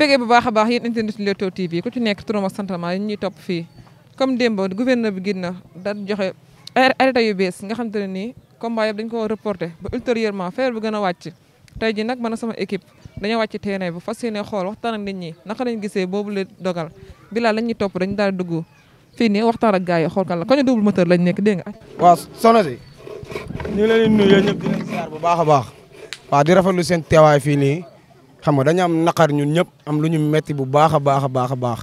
bëggee bu baax a baax yéen internet Leewtoo TV ku ci nekk turam ak santam yi ñuy topp fii comme démb gouverneur bi génn na da joxe arrêté yu bees nga xam te ne nii combat yëpp dañ ko reporté ba ultérieurement feebar bu gën a wàcc tey ji nag man sama équipe dañoo wàcc terrain bu fas yéene xool waxtaan ak nit ñi naka lañ gisee boobu la dogal bi laa la ñuy topp dañu daal dugg fii nii waxtaan ak gars yi xool kan la kañu double moteur lañ nekk dégg nga. waaw soxna si ñu ngi leen bu baax a baax. waaw di rafetlu seen teewaay fii nii xam nga dañu am naqar ñun ñëpp am lu ñu metti bu baax a baax a baax a baax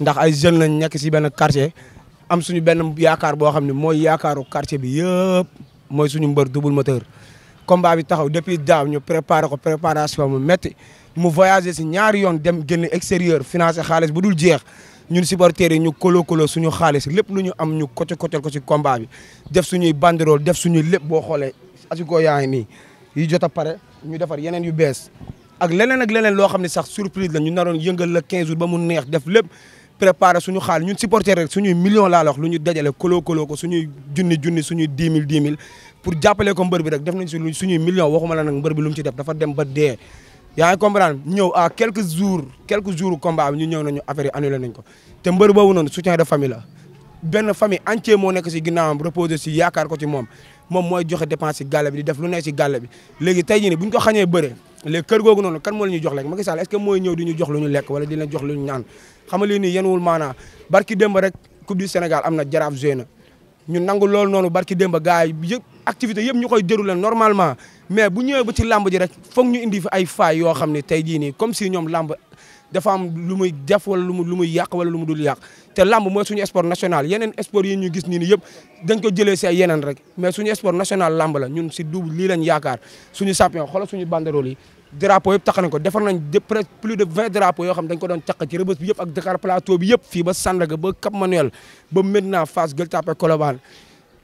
ndax ay jeunes lañ nekk si benn quartier am suñu benn yaakaar boo xam ne mooy yaakaaru quartier bi yëpp mooy suñu mbër double moteur. combat bi taxaw depuis daaw ñu préparé ko préparation mu métti mu voyagé si ñaari yoon dem génn extérieur financé xaalis bu dul jeex ñun supporters yi ñu kolo kolo suñu xaalis lépp lu ñu am ñu côté côté ko si combat bi def suñuy banderole def suñuy lépp boo xoolee asiko yaa ngi yu jot a pare ñu defar yeneen yu bees. ak leneen ak leneen loo xam ne sax surprise la ñu naroon yëngal la 15 jours ba mu neex def lépp préparé suñu xaal ñun supporter rek suñuy million laa la wax lu ñu dajale koloo koloo ko suñuy junni junni suñuy 10 000 10 000 pour jàppale ko mbër bi rek def nañ si suñuy million waxuma la nag mbër bi lu mu ci def dafa dem ba dee yaa ngi comprendre ñëw à quelques jours quelques jours ñu ñëw nañu affaire yi annulé nañ ko te mbër boobu noonu soutien de famille la benn famille entière moo nekk si ginnaawam reposé si yaakaar ko ci moom moom mooy joxe dépense si gàlle bi di def lu léegi tey jii ni buñ ko xañee bëre léegi kër googu noonu kan moo la ñuy jox lekk Macky Sall est-ce que mooy ñëw di ñu jox lu ñu lekk wala di leen lu ñu ñaan xam nga lii nii wul maanaa barki démb rek coupe du Sénégal am na jaraaf joué na ñu nangu loolu noonu barki demba gars yi yëpp activité yëpp ñu koy déroulé normalement mais bu ñëwee ba ci làmb ji rek foog ñu indi fi ay faay yoo xam ne tey jii nii comme si ñoom làmb dafa am muy def wala lu mu lu muy yàq wala lu mu dul yàq te lamb mooy suñu sport national yeneen sport yi ñu gis nii ni yëpp dañ ko jëlee si ay yeneen rek mais suñu sport national lamb la ñun si double lii lañ yaakaar suñu champion xoolal suñu banderole yi drapeau yëpp tax nañ ko defar nañ de près plus de vingt drapeaux yoo xam dañ ko doon caq ci rëbës bi yëpp plateau bi fii ba Sandaga ba Cap Manuel ba Médina Fass Gueule Tapée Colobane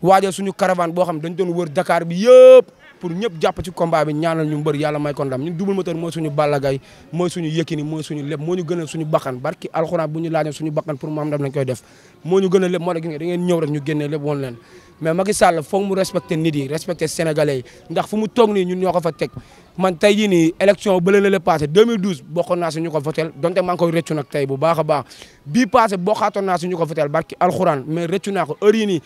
waajal suñu caravane boo xam dañ doon wër Dakar bi yëpp pour ñëpp jàpp ci combat bi ñaanal ñu mbër yàlla may ko ndam ñun double moteur mooy suñu Balla Gaye mooy suñu Yékini mooy suñu lépp moo ñu gën a suñu bakkan barki alxuraan bu ñu laajoon suñu bakkan pour mu am ndam lañ koy def moo ñu gën a lépp moo tax gis nga da ngeen ñëw rek ñu génnee lépp woon leen mais Macky Sall foog mu respecté nit yi respecté sénégalais yi ndax fu mu toog nii ñun ñoo ko fa teg man tey jii ni élection bële la la passé 2012 bokkoon naa suñu ko votel donte maa ngi koy rëccu nag tey bu baax a baax bii passé bokkaatoon naa suñu ko votel barki mais rëccu naa ko heure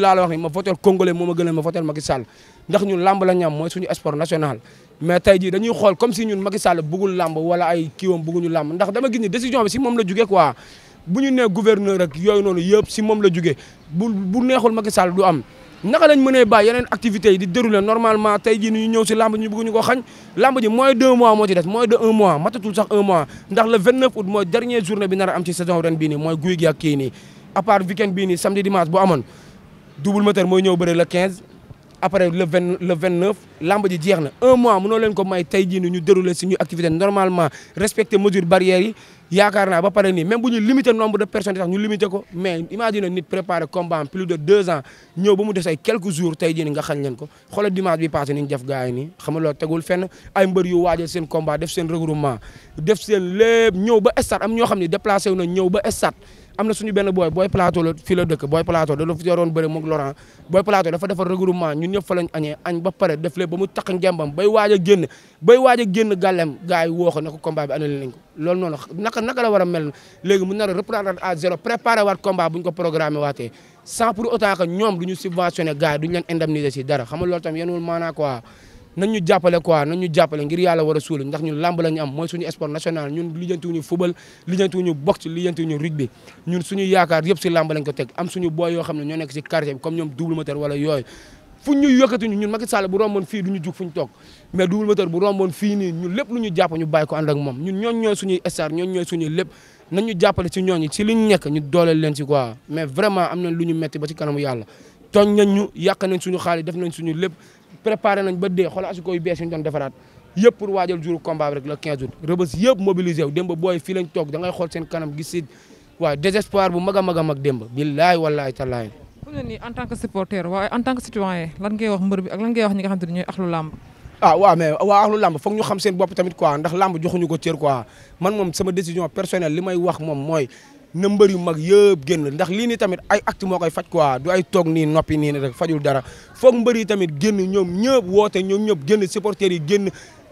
la wax ni ma votel moo ma gënal ma votel Macky Sall ndax ñun lamb la ñam mooy suñu sport national mais tey jii dañuy xool comme si ñun Macky Sall bëggul lamb wala ay kiiwam bëgguñu lamb ndax dama gis ni décision bi si moom la jugee quoi bu ñu nee gouverneur ak yooyu noonu yëpp si moom la jugee bu bu neexul Macky Sall du am naka lañ mënee bàyyi yeneen activités yi di dérouler normalement tey jii ñu ñëw si lamb ñu bëgg ñu ko xañ lamb ji mooy deux moo ci des mooy de un mois matatul sax un mois ndax le 29 août mooy dernière a am ci saison ren bii nii mooy guy gi ak kii nii à weekend bii samedi dimanche bu amoon double moteur mooy ñëw bëri le 15 après le vingt le vingt neuf làmb ji jeex na un mois mënoo leen ko may tey jii ni ñu dérouler suñu activité normalement respecter mesure barrières yi yaakaar naa ba pare nii même bu ñu limiter nombre de personnes sax ñu limiter ko mais imagine nit préparer combat plus de deux ans ñëw ba mu des ay quelques jours tey nga xañ leen ko xoolal dimanche bi passé ni ñu def gars yi xam nga loolu tegul fenn ay mbër yu waajal seen combat def seen regroupement def seen lépp ñëw ba stade am ñoo xam ne déplacé wu na ñëw ba stade am na suñu benn booy booy plateau la fii la dëkk booy plateau da doon fi yoroon bëri moog Laurent booy plateau dafa defar regroupement ñun ñëpp fa lañ añee añ ba pare def lépp ba mu taq ngembam bay waaj a génn bay waaj a génn gàllem gars yi woo ko ne ko combat bi annulé nañ ko loolu noonu naka naka la war a mel léegi mu nar a reprendre à zéro préparé waat combat bu ñu ko programmé waatee sans pour autant que ñoom du ñu subventionné gars yi duñu leen indemniser si dara xam nga loolu tam yenwul maanaa quoi nañ ñu jàppale quoi nañ ñu jàppale ngir yàlla war a suul ndax ñun làmb la ñu am mooy suñu sport national ñun lijjantiwuñu football lijjantiwuñu boxe lijjantiwuñu rugby ñun suñu yaakaar yëpp si làmb lañ ko teg am suñu booy yoo xam ne ñoo nekk si quartier bi comme ñoom double moteur wala yooyu fu ñu yëkkatuñu ñun Macky Sall bu romboon fii du ñu jug mais double moteur bu romboon fii nii ñun lu ñu jàpp ñu bàyyi ko ànd ak moom ñun ñooñ ñooy suñuy star ñooñ ñooy suñuy lépp nañ ñu nekk ñu dooleel leen si quoi mais vraiment am nañ ñu metti ba si kanamu yàlla tooñ nañ ñu yàq nañ suñu xaalis def nañ suñu lépp préparé nañ ba dee xoolal asiko yu bees yu ñu doon defaraat yëpp pour waajal jour combat bi rek le 15 août rëbës yëpp mobilisé wu démb booy fii lañ toog kanam gis si waaw désespoir bu mag a mag a mag démb billaay en tant que supporter waaye en tant que citoyen lan wax mbër bi ak lan ngay wax ñi nga xam te ne ñooy axlu làmb ah waaw mais waaw axlu làmb foog ñu xam seen bopp man moom sama décision personnelle li may wax moom na mbër yu mag yëpp génn ndax lii nii tamit ay acte moo koy faj quoi du ay toog nii noppi nii rek fajul dara foog mbër yi tamit génn ñoom ñëpp woote ñoom ñëpp génn supporters yi génn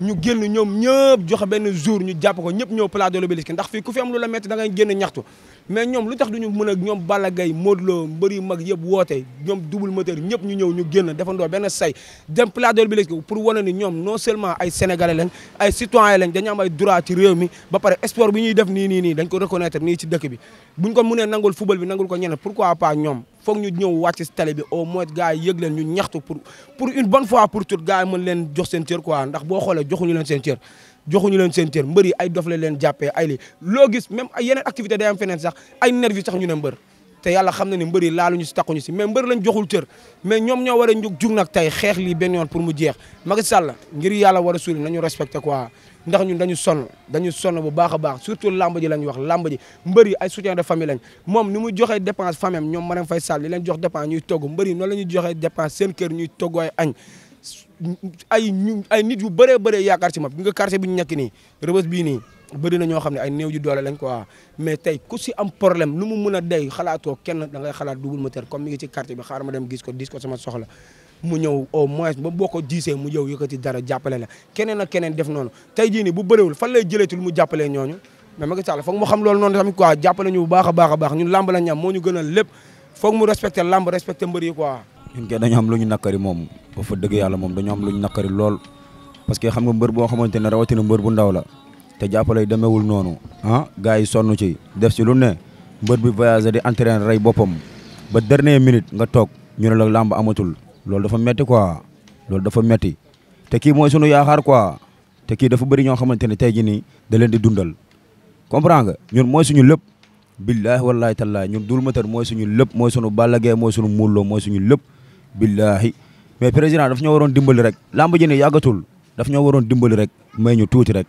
ñu génn ñoom ñëpp joxe benn jour ñu jàpp ko ñëpp ñëw place de l'Obélisque ndax fii ku fi am lu la metti da ngay génn ñaxtu mais ñoom lu tax duñu mën ñoom Balla Gaye Modou Lo mbër yu mag yëpp woote ñoom double moteur ñëpp ñu ñëw ñu génn defandoo benn say dem plateau bi léegi pour wane ni ñoom non seulement ay sénégalais lañ ay citoyens lañ dañu am ay droit ci réew mi ba pare sport bi ñuy def nii nii nii dañ ko reconnaître nii ci dëkk bi buñ ko mënee nangul football bi nangul ko ñeneen pourquoi pas ñoom foog ñu ñëw wàcc si au moins gars yi yëg leen ñu ñaxtu pour pour une bonne fois pour tout gars yi mën leen jox seen cër quoi ndax boo xoolee joxuñu leen seen joxuñu leen seen cër mbër yi ay dof la leen jàppee ay li loo gis même ay yeneen activité day am feneen sax ay nervi sax ñu ne mbër te yàlla xam na ne mbër yi laaluñu si taquñu si mais mbër lañ joxul cër mais ñoom ñoo war a jóg jug nag tey xeex lii benn yoon pour mu jeex Macky Sall ngir yàlla war a suuli nañu respecté quoi ndax ñun dañu sonn dañu sonn bu baax a baax surtout lamb ji lañ wax lamb ji mbër ay soutien de famille lañ ni mu joxee dépense famille ñoom Marème Faye Sall li leen jox dépense ñuy togg mbër yi noonu la ñuy joxee dépense seen ñuy togg ay ay ñu ay nit yu bëree bëree yaakaar ci ma bi nga quartier bi ñu nekk nii rëbës bii nii bëri na ñoo xam ne ay néew ju doole lañ quoi mais tey ku si am problème lu mu mën a dey xalaatoo kenn da ngay xalaat Double Moteur comme mi ngi ci quartier bi xaar ma dem gis ko dis ko sama soxla mu ñëw au moins ba boo ko diisee dara jàppale keneen ak keneen def noonu tey jii nii bu bëriwul fan lay jëleetul mu jàppalee ñooñu mais Macky Sall mu xam loolu noonu tamit quoi jàppale ñu bu baax a baax a baax ñun làmb la ñam moo ñu gënal lépp foog mu respecté làmb respecté mbër yi ñun kay dañu am lu ñu nakkari moom ba fa dëgg yàlla moom dañu am lu ñu nakkari lool parce que xam nga mbër boo xamante ne rawatina mbër bu ndaw la te jàppale demewul noonu ah gars yi sonn ci def si lu ne mbër bi voyagé di entraîner rey boppam ba dernière minute nga toog ñu ne la làmb amatul loolu dafa metti quoi loolu dafa metti te kii mooy sunu yaakaar quoi te kii dafa bëri ñoo xamante ne tey jii nii da di dundal comprend nga ñun mooy suñu lépp billaahi wallaahi tallaahi ñun Double Moteur mooy suñu lépp mooy suñu Balla Gaye mooy suñu Modou suñu lépp billaahi mais président daf ñoo waroon dimbali rek làmb ji ne yàggatul daf ñoo waroon dimbali rek may ñu tuuti rek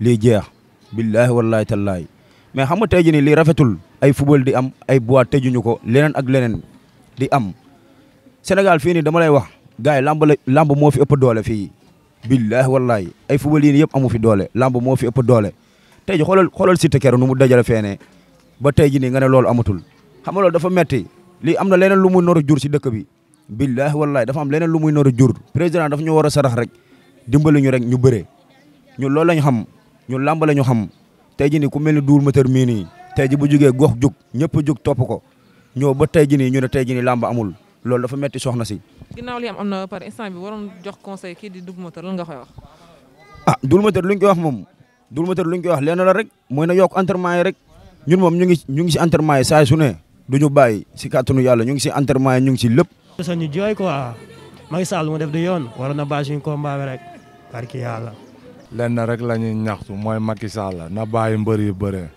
lii jeex billaahi wallaahi tallaahi mais xam nga tey jii nii lii rafetul ay football di am ay boîte tëjuñu ko leneen ak leneen di am Sénégal fii dama lay wax gars yi làmb làmb moo fi ëpp doole fii billaahi wallaahi ay football yi nii yëpp amu fi doole làmb moo fi ëpp doole tey ji xoolal xoolal si tekeer nu mu dajale feenee ba tey ji nii nga ne loolu amatul xam nga loolu dafa metti lii am na leneen lu mu nar a si dëkk bi billahi wallahi dafa am leneen lu muy nar a jur président dafa ñu war a sarax rek dimbali ñu rek ñu bëree ñu loolu lañu xam ñu làmbale la ñu xam tey jii nii ku mel ni Double Moteur mii nii tey ji bu jugee gox jug ñëpp jug topp ko ñoo ba tey ji nii ñu ne tey ji nii làmb amul loolu dafa metti soxna si. ginnaaw li am am na par instant bi war jox conseil kii di Double Moteur lan nga koy wax. ah Double Moteur lu ñu wax moom Double Moteur lu ñu wax lenn la rek mooy na yokk entraînement yi rek ñun moom ñu ngi ñu ngi si entraînement yi saa su ne du ñu bàyyi si nu yàlla ñu ngi si entraînement ñu ngi si lépp sax ñu jooy quoi Macky Sall mu def du yoon waroon na bàyyi suñu combat bi rek barki yàlla. lenn rek la ñuy ñaxtu mooy Macky Sall na bàyyi mbër yu bëree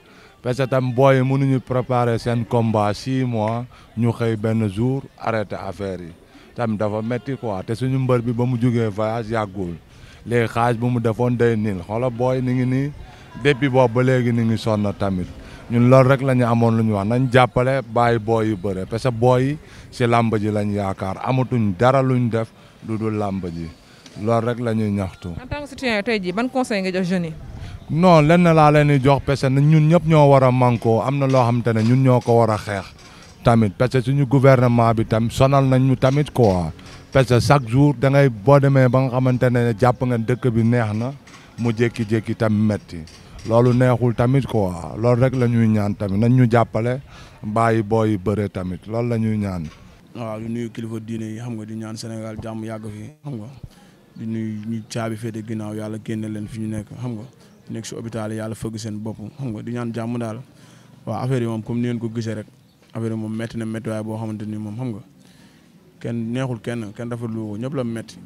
parce que tam booy yi mënuñu préparer seen combat six mois ñu xëy benn jour arrêté affaire yi tam dafa métti quoi te suñu mbër bi ba mu jógee voyage yàggul léegi xaaj bu mu defoon day niil xoola booy ni ngi nii depuis boobu ba léegi ni ngi sonn tamit. ñun loolu rek la ñu amoon lu ñu wax nañ jàppale bàyyi booy yu bëre parce que booy yi si làmb ji lañ yaakaar amatuñ dara luñ def lu dul làmb ji loolu rek la ñuy ñaxtu. en tey jii ban conseil nga jox jeunes yi. non lenn laa leen di jox parce nañ ñun ñëpp ñoo war a mànkoo am na loo xam te ne ñun ñoo ko war a xeex tamit parce que suñu gouvernement bi tam sonal nañ ñu tamit quoi parce que chaque jour da ngay boo demee ba nga xamante ne jàpp nga dëkk bi neex na mu jékki-jékki tam metti loolu neexul tamit quoi loolu rek la ñuy ñaan tamit nañ ñu jàppale bàyyi booy bëre tamit loolu la ñuy ñaan. waaw di nuyu kilifa diine yi xam nga di ñaan Sénégal jàmm yàgg fii xam nga di nuyu ñu caabi féete ginaaw yàlla génne leen fi ñu nekk xam nga nekk si hôpital yàlla fëgg seen bopp xam nga di ñaan jàmm daal waaw affaire yi moom comme ni ngeen ko gisee rek affaire yi moom métti na métti waaye boo xamante ni moom xam nga kenn neexul kenn kenn rafetlu ko ñëpp la métti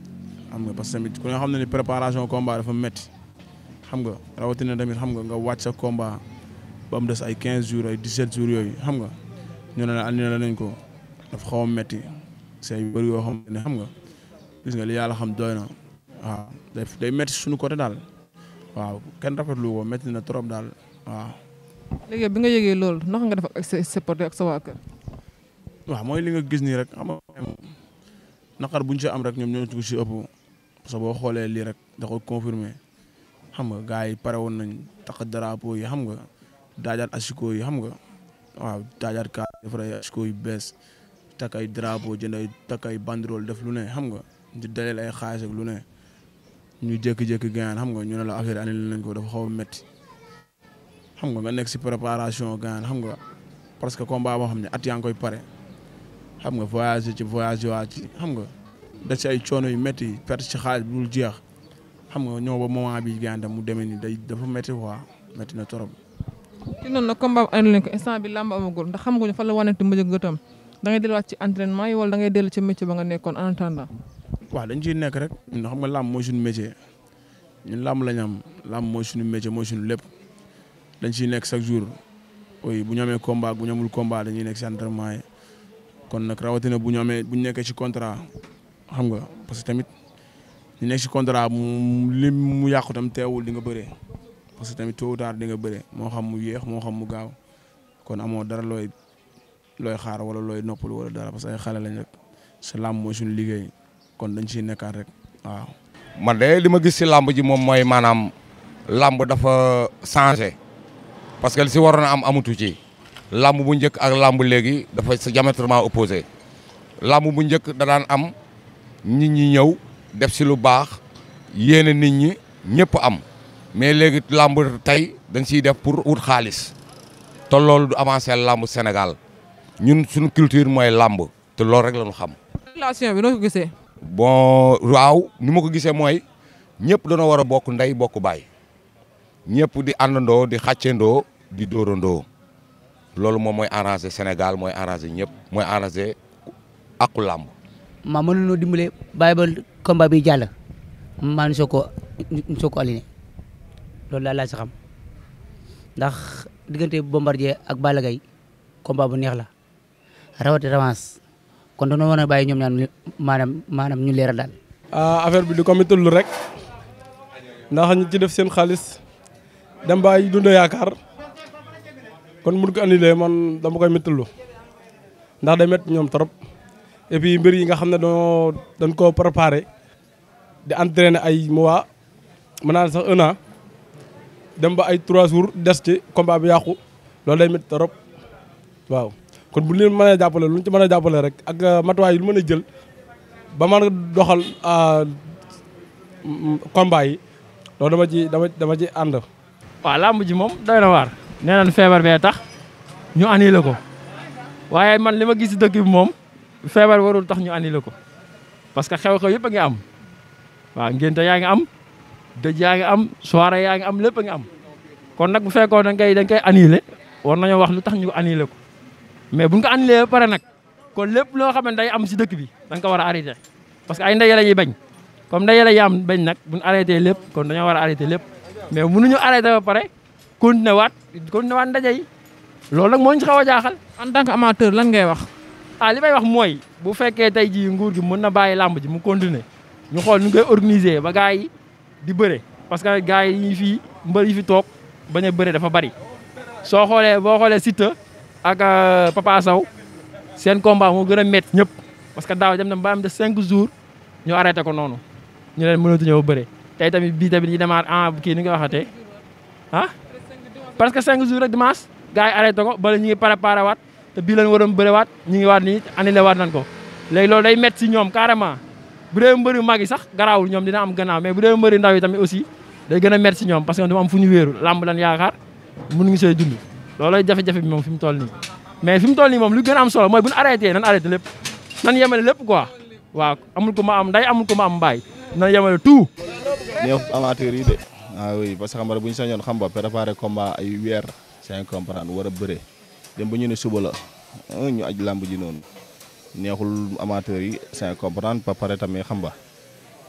xam nga parce que tamit ku ne ni préparation combat dafa métti. xam nga rawatina tamit xam nga nga wàcc sa komba ba mu des ay 15 jours ay 17 jours yooyu xam nga ñu ne la annulé nañ ko dafa xaw a metti say bëri yoo xam ne xam nga gis nga li yàlla xam doy na waaw day day metti suñu côté daal waaw kenn rafetlu ko metti na trop daal waaw. léegi bi nga yégee loolu naka nga def ak sa ak sa mooy li nga gis nii rek xam nga naqar bu am rek ñoom ñoo ci ëpp parce boo xoolee lii rek da ko xam nga gars yi pare woon nañ tax drapeau yi xam nga daajaat asiko yi xam nga waaw daajaat ka defar ay asiko yu bees takk ay drapeau jënd ay takk ay banderole def lu ne xam nga di daleel ay xaaj ak lu ne ñu jékki-jékki gaañaan xam nga ñu ne la affaire annulé nañ ko dafa xaw a xam nga nga nekk si préparation gaañaan xam nga parce que combat boo xam ne at yaa ngi koy pare xam nga voyage ci voyage waa xam nga da si ay coono yu métti perte ci xaalis bul dul xam nga ñoo ba moment bi gàncax mu demee nii day dafa métti waa métti na torop. ci noonu nag combat bi annulé ko instant bi làmb amagul ndax xam nga fan la wanante mbëj ak gëtam da ngay delluwaat ci entraînement yi wala da ngay dellu ci métier ba nga nekkoon en attendant. waaw ciy nekk rek. ñun xam nga làmb mooy suñu métier ñun làmb la am làmb suñu métier mooy lépp dañ ciy nekk chaque jour ooy bu ñu amee bu ñu amul combat nekk si entraînement yi kon nag rawatina bu ñoomee bu ñu nekkee ci contrat xam nga parce tamit. ñu nekk si contrat mu lim mu yàqu tam teewul di nga bëree parce que tamit tôt ou di nga bëree moo xam mu yéex moo xam mu gaaw kon amoo dara looy looy xaar wala looy noppalu wala dara parce que ay xale lañ rek làmb mooy suñu liggéey kon dañ ciy nekkaat rek waaw. man de li ma gis si làmb ji moom mooy maanaam làmb dafa changé parce que li si waroon a am amatu ci làmb bu njëkk ak làmb léegi dafa sa diamétralement opposé làmb bu njëkk da am nit ñi ñëw. def si lu baax yéene nit ñi ñëpp am mais léegi làmb tey dañ siy def pour wut xaalis te loolu du avancé làmb Sénégal ñun suñu culture mooy làmb te loolu rek la ñu xam. relation bi noo gisee. bon waaw ni ma ko gisee mooy ñëpp dañoo war a bokk ndey bokk baay ñëpp di àndandoo di xàccandoo di dóorandoo loolu moom mooy arranger Sénégal mooy arranger ñëpp mooy arranger akku làmb. maa mënuñoo dimbale bàyyi combat bi jàll maa ngi soog koo soog ko aligné loolu daal laa si ndax diggante Bombardier ak Balla Gaye combat bu neex la rawati revanche kon dañoo war a bàyyi ñoom ñaan maanaam maanaam ñu leeral daal. Ah, affaire bi di ko méttiwul rek ndax ñu def seen xaalis dem ba ay dund kon mun ko annulé man dama koy méttiwul ndax day ñoom trop et puis nga xam ne dañoo dañ préparé. di entraîner ay mois mën naa sax un dem ba ay trois jours des ci combat bi yàqu loolu day métti trop waaw. kon bu leen mënee jàppale lu ñu ci mën a jàppale rek ak euh, matuwaay yi lu mën a jël ba man a doxal euh, combat yi loolu dama ji dama dama ci ànd. waaw làmb ji moom doy na waar. nee nañ feebar bee tax ñu annulé ko waaye man li ma gis dëkk bi moom feebar warul tax ñu annulé ko parce que xew-xew yëpp a ngi am. waaw ngénte yaa ngi am dëj yaa ngi am soirée yaa ngi am lépp a ngi am kon nag bu fekkoon da ngay da nga koy annulé war nañoo wax lu tax ñu ko annulé ko mais buñ ko annulé ba pare nag kon lépp loo xam ne day am si dëkk bi da ko war a arrêté parce que ay ndeyale yi bañ comme ndeyale yi am bañ nag buñ arrêté lépp kon dañoo war a arrêté lépp mais ñu arrêté ba pare continué waat continué waat ndaje yi loolu nag moo ñu si xaw a jaaxal. en tant que amateur lan ngay wax. ah li may wax mooy bu fekkee tey jii nguur gi mën na bàyyi làmb ji mu continuer ñu xool nu koy organiser ba gars yi di bëre parce que gars yi fii mbër yi fi toog bañ a bëre dafa bari soo xoolee boo xoolee Siteu ak euh, Papa Sow seen combat moo gën a métti ñëpp parce que daaw dem na ba de cinq jours ñu arrêté ko noonu ñu leen mënatu ñëw bëre tey tamit bii tamit ñu demaar ah kii ni nga waxatee ah parce que cinq jours rek dimanche gars yi arrêté ko bala ñu ngi préparé waat te bii lañ waroon bëre waat ñu ngi waat nii annulé waat nañ ko léegi loolu day métti si ñoom carrément bu dee mbëri mag yi sax garaawul ñoom dina am gannaaw mais bu dee mbëri ndaw yi tamit aussi day gën a métti si ñoom parce que du am fu ñu wéeru làmb lan yaakaar mënuñu see dund loolooy jafe-jafe bi moom fi mu toll nii mais fi mu toll nii moom lu gën a am solo mooy bu ñu arrêté nan arrêté lépp nan yemale lépp quoi waaw amul ko ma am day amul ko ma am mbaay nan yemale tout neex amateur yi de waaw ah oui parce que xam nga bu ñu sañoon xam nga préparé combat ay weer sans comprendre war a bëre dem bu ñu ne suba la ah, ñu aj làmb ji noonu neexul amateur yi c'est comprendre ba pare tamit xam nga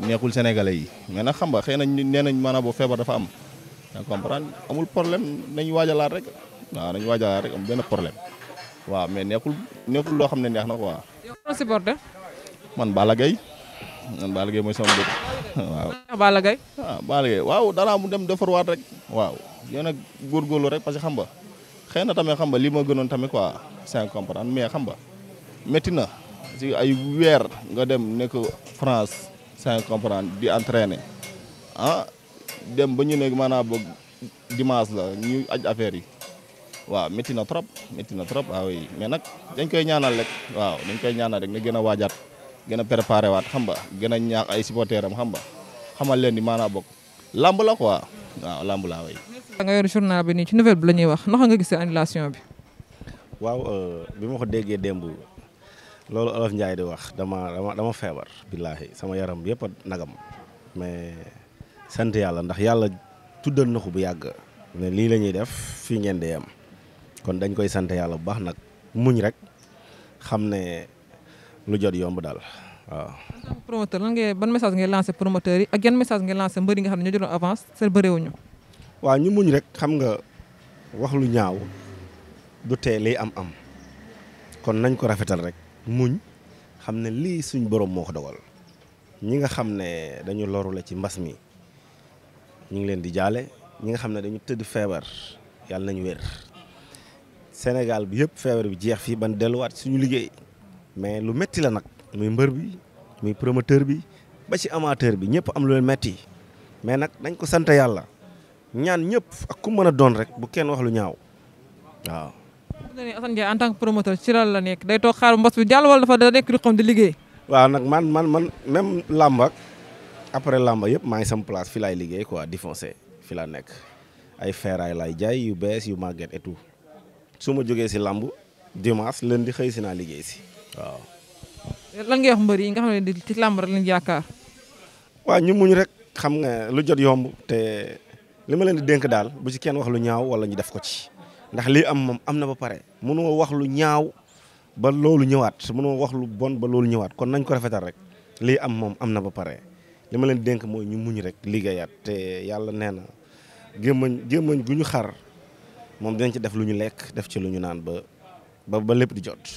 neexul sénégalais yi mais nag xam nga xëy na nee nañ maanaam boo feebar dafa am c'est comprendre amul problème nañ waajalaat rek waaw nañ waajalaat am benn problème waaw mais neexul neexul loo xam ne neex na quoi. yow supporter man Balla Gaye man Balla Gaye mooy sama mbir waaw. Balla Gaye ah Balla Gaye mu dem defarwaat rek. waaw yow nag góorgóorlu rek parce que xam nga xëy na tamit xam nga lii ma gënoon tamit quoi c'est comprendre mais xam nga. métti na si ay weer nga dem nekk France sans comprendre di entraîner ah dem ba ñu nekk maanaam boog dimanche la ñu aj affaire yi waaw métti na trop métti na trop waaw ah mais nag dañ koy ñaanal rek waaw dañ koy ñaanal rek na gën a waajaat gën a préparé waat xam nga gën a ñaax ay supporteurs am xam nga xamal leen ni maanaam boog lamb la quoi waaw lamb laa way. nga yor journal bi nii ci nouvelle bi lañuy ñuy wax naka nga gisee annulation bi. waaw euh, bi ma ko déggee demb loolu Olof Njaay di wax dama dama dama feebar billaahi sama yaram yëpp a nagam mais sant yàlla ndax yàlla tuddal na ko bu yàgg ne lii lañuy def fii ngeen di yem kon dañ koy sant yàlla bu baax nag muñ rek xam ne lu jot yomb daal waaw. promoteur lan ngay ban message ngay lancé promoteur yi ak yan message ngay lancé mbër yi nga xam ne ñoo jëloon avance seen bëreewuñu. waaw ñu muñ rek xam nga wax lu ñaaw du tee liy am am kon nañ ko rafetal rek. muñ xam ne lii suñ borom moo ko ñi nga xam ne dañu loru la ci mbas mi ñu ngi leen di jaale ñi nga xam ne dañu tëdd feebar yàlla nañu wér Sénégal bi yëpp feebar bi jeex fii ban delluwaat suñu liggéey mais lu metti la nag muy mbër bi muy promoteur bi ba ci amateur bi ñëpp am lu leen metti mais nag dañ ko sant yàlla ñaan ñëpp ak ku mën a doon rek bu kenn wax lu ñaaw waaw ne Assane Ndiaye en tant que promoteur ci nekk day toog xaar mbos bi jàll wala dafa da nekk di xam di liggéey. waaw nag man man man même làmba après làmba yëpp maa ngi sam place fi lay liggéey quoi défoncé fi laa nekk ay feeraay laay jaay yu bees yu màgget et su ma jógee si làmb dimanche di xëy si naa liggéey si waaw. lan ngay wax mbër yi nga xam ne ci làmb rek lañ waaw ñu muñ rek xam nga lu jot yomb te li ma leen di dénk daal bu ci kenn wax lu ñaaw wala ñu def ko ci. ndax lii am moom am na ba pare mënoo wax lu ñaaw ba loolu ñëwaat mënoo wax lu bon ba loolu ñëwaat kon nañ ko rafetal rek lii am moom am na ba pare li ma leen dénk mooy ñu muñ rek liggéeyaat te yàlla nee na gémmañ gémmañ gu ñu xar moom dinañ ci def lu ñu lekk def ci lu ñu naan ba ba ba lépp di jot.